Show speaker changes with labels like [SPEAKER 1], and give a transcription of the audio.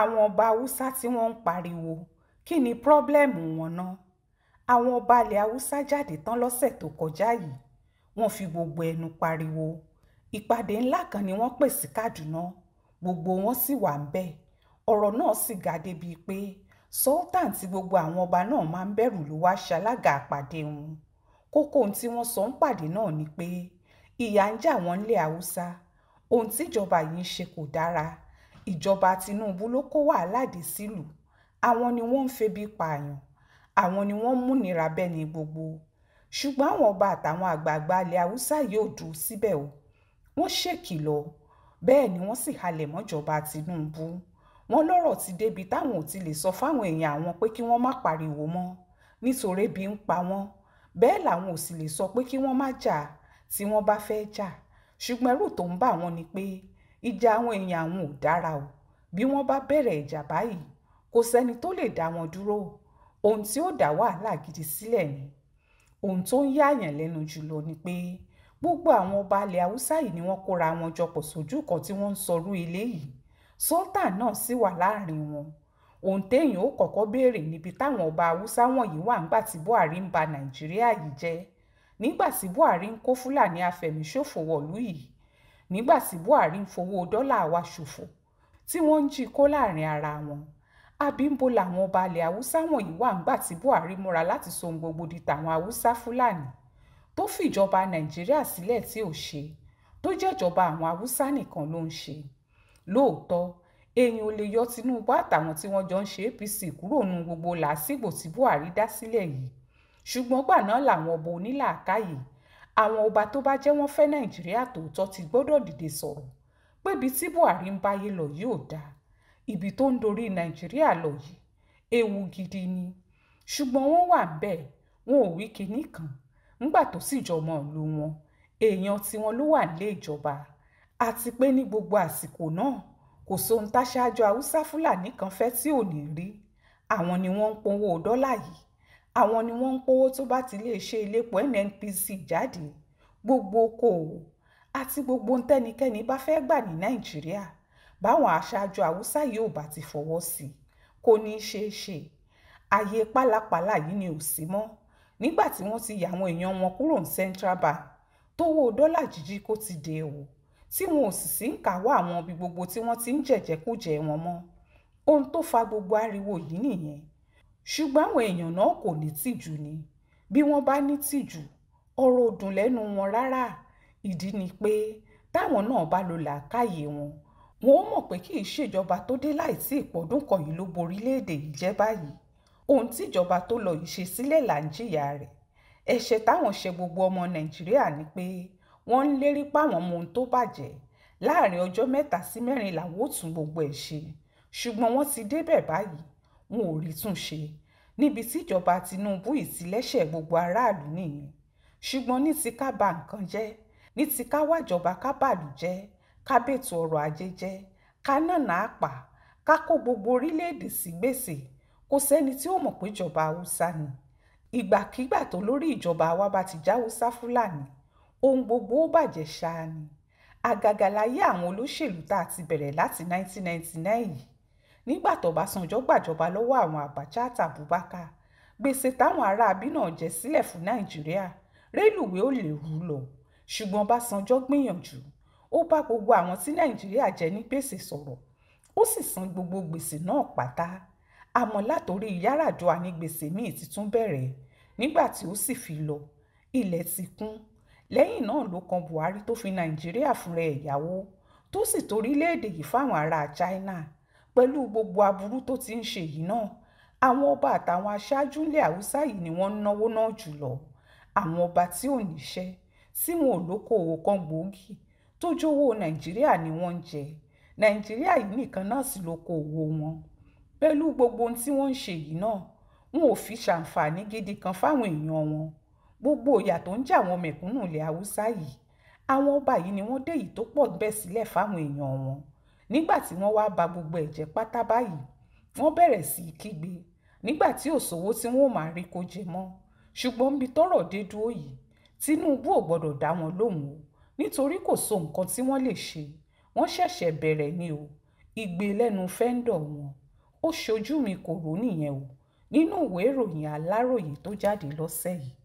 [SPEAKER 1] àwọn ọba haúsá tí wọ́n ń pariwo kí ni pírọ́blẹ́mù wọn náà àwọn ọba ilẹ̀ haúsá jáde tán lọ́sẹ̀ tó kọjá yìí wọ́n fi gbogbo ẹnu pariwo ìpàdé ńlá kan ni wọ́n pè sí Kaduna gbogbo wọn sì wà ń bẹ̀ ọ̀rọ̀ náà sì ga débi pé sultan tí gbogbo àwọn ọba náà máa ń bẹ̀rù ló wá ṣalága àpàdé wọn kókó ohun tí wọ́n sọ ń pàdé náà ni pé ìyà ń jà wọ́n nílẹ̀ haúsá ohun tíjọba yìí ń ṣe kò dára ìjọba Tinubu ló kó wàhálà dé sílùú àwọn ni wọ́n ń febi pààyàn àwọn ni wọ́n ń múnira bẹ́ni gbogbo ṣùgbọ́n àwọn ọba àtàwọn àgbààgbà ilẹ̀ haúsá yóò dùn síbẹ̀ o wọ́n ṣèkìlọ̀ bẹ́ẹ̀ ni wọ́n sì halẹ̀ mọ́jọba Tinubu wọ́n lọ́rọ̀ ti débi táwọn ò ti lè sọ fáwọn èèyàn àwọn pé kí wọ́n má pariwo mọ́ nítorí bí ń pa wọ́n bẹ́ẹ̀ làwọn ò sì lè sọ pé kí wọ́n má jà tí wọ́n bá fẹ́ jà ṣùgbọ́n ẹrù tó ń bà wọ́n ni pé ìjà àwọn èèyàn àwọn ò dára o bí wọ́n bá bẹ̀rẹ̀ ìjà báyìí kò sẹ́ni tó lè dá wọn dúró ohun tí ó dá wàhálà gidi sílẹ̀ ni ohun tó ń yáàyàn lẹ́nu jùlọ ni pé gbogbo àwọn ọba alẹ̀ haúsá yìí ni wọ́n kóra wọn jọpọ̀ sójú kan tí wọ́n ń sọrú ilé yìí sultan náà sì wà láàrin wọn ohun téèyàn ó kọ́kọ́ béèrè níbi táwọn ọba haúsá wọ̀nyí wà ńgbà tí buhari ń ba nàìjíríà yìí jẹ́ nígbà tí buhari ń kó fúlàní afẹ̀míṣòfò wọ̀lú yìí nígbà tí buhari ń fowó dọ́là wa ṣòfò tí wọ́n ń jí kó láàrin ara wọn àbí ń bo làwọn ọba alẹ̀ haúsá wọ̀nyí wà ńgbà tí buhari múra láti so ohun gbogbo di tàwọn haúsá fúlàní tó fìjọba nàìjíríà sílẹ̀ tí ò ṣe tó jẹ́jọba àwọn haúsá nìkan ló ń ṣe lóòótọ́ èèyàn lè yọ tinubu àtàwọn tí wọ́n jọ ń ṣe apc kúrò nu gbogbo làásìgbò tí buhari dá sílẹ̀ yìí ṣùgbọ́n gbà náà làwọn ọba onílàákàyè àwọn ọba tó bá jẹ́ wọ́n fẹ́ nàìjíríà tòótọ́ ti gbọ́dọ̀ dìde sọ̀rọ̀ pébi tí buhari ń báyé lọ yìí ò dáa ibi tó ń dorí nàìjíríà lọ yìí ewu gidi ni ṣùgbọ́n wọ́n wà ń wọn ò wí kinní kan ńgbà tó sì jọmọ ìlú wọn èèyàn tiwọn ló wà nílé ìjọba àti pé ní gbogbo àsìkò náà kò sóhun táṣáájú haúsá fúlàní kan fẹ́ tí ò ní rí àwọn ni wọ́n ń pọ́nwó dọ́là yìí àwọn ni wọ́n ń powó tó bá ti lè ṣe iléepo nnpc jáde gbogbo okòòwò àti gbogbo ntẹ́nikẹ́ni bá fẹ́ gbà ní nàìjíríà báwọn aṣáájú haúsá yìí ò bá ti fọwọ́ sí i kò ní í ṣeé ṣe ààyè pálapàla yìí ni ò sí mọ́ nígbà tí wọ́n ti yà àwọn èèyàn wọn kúrò ní central bank tówó dọ́là jíjí kó ti dé o tí wọn ò sì sí ń kàwọ́ àwọn ibi gbogbo tí wọ́n ti ń jẹ̀jẹ̀kújẹ wọn mọ́ ohun tó fa gbogbo ariwo yìí nìyẹn ṣùgbọ́n àwọn èèyàn náà kò ní tìjú ni bí wọ́n bá ní tìjú ọ̀rọ̀ ò dùn lẹ́nu wọn rárá ìdí ni pé táwọn náà bá lo làákàyè wọn wọn ó mọ̀ pé kì í ṣèjọba tó dé láì tí ìpọ́dún kan yìí ló borílẹ̀-èdè yìí jẹ́ báyìí ohun tíjọba tó lọ yìí ṣe sílẹ̀ là ń jìyà rẹ̀ ẹ̀ṣẹ̀ táwọn ṣe gbogbo ọmọ nàìjíríà ni pé wọ́n ń lérí páwọn ohun tó bàjẹ́ láàrin ọjọ́ mẹ́ta sí mẹ́rin làwọn ò tún gbogbo ẹ̀ ṣe ṣùgbọ́n wọ́n ti débẹ̀ báyìí wọn ò rí tún ṣe níbi tí ìjọba Tinubu ìtìlẹ́ṣẹ̀ gbogbo aráàlú nìyẹn ṣùgbọ́n ní ti ká ba nǹkan jẹ́ ní ti ká wàjọba ká bàlù jẹ́ ká bètò ọrọ̀ ajé jẹ́ ká nànà àpà ká kó gbogbo orílẹ̀-èdè sí gbèsè kò sẹ́ni tí ó mọ̀ pé ìjọba haúsá ni ìgbàkigbà tó lórí ìjọba wa bá ti já haúsá fúlàní ohun gbogbo ó bàjẹ́ ṣáá ni àgàgà láyé àwọn olóṣèlú tá a ti bẹ̀rẹ̀ láti 1999 yìí nígbà tọ́básanjọ́ gbàjọba lọ́wọ́ àwọn Abacha àtàbùbákà gbèsè táwọn aráabí náà jẹ sílẹ̀ fún Nàìjíríà rélùwé ò lè rú lọ ṣùgbọ́n Ọbásanjọ́ gbìyànjú ó bá gbogbo àwọn tí Nàìjíríà jẹ ní gbèsè sọ̀rọ̀ ó sì san gbogbo gbèsè náà pátá àmọ́ látòrí Yar'Adua ní gbèsè míì ti tún bẹ̀rẹ̀ nígbà tí ó sì fi lọ ilẹ̀ ti kún lẹ́yìn náà ló kan Buhari tó fi Nàìjíríà fúnra ẹ̀ tó sì torílẹ̀ yìí fáwọn ará China pẹ̀lú gbogbo aburú tó ti ń ṣe yìí náà àwọn ọba àtàwọn aṣáájú ilẹ̀ haúsá yìí ni wọ́n ń náwó náà jùlọ àwọn ọba tí ò níṣẹ́ tí wọn ò lókòwò kan gbòógì tó jówó nàìjíríà ni wọ́n ń jẹ nàìjíríà yìí nìkan náà sì lókòwò wọn pẹ̀lú gbogbo ohun tí wọ́n ń ṣe yìí náà wọn ò fi ṣàǹfààní gidi kan fáwọn èèyàn wọn gbogbo ìyà tó ń jà wọn mẹ̀kúnnù ilẹ̀ haúsá yìí àwọn ọba yìí ni wọ́n dé yìí tó pọ̀ bẹ́ẹ̀ sílẹ̀ fáwọn èèyàn wọn nígbà tí wọ́n wá ba gbogbo ẹ̀jẹ̀ pátá báyìí wọ́n bẹ̀rẹ̀ sí í kígbe nígbà tí òṣòwò tí wọ́n máa rí kó jẹ mọ́ ṣùgbọ́n níbi tọ́rọ̀ dé dúró yìí Tinubu ò gbọ́dọ̀ dá wọn lóhùn o nítorí kò so nǹkan tí wọ́n lè ṣe wọ́n ṣẹ̀ṣẹ̀ bẹ̀rẹ̀ ni o igbe lẹ́nu fẹ́ńdọ̀ wọn ó ṣojú mi kò rò nìyẹn o nínú ìwé ìròyìn Aláròyé tó jáde lọ́sẹ̀ yìí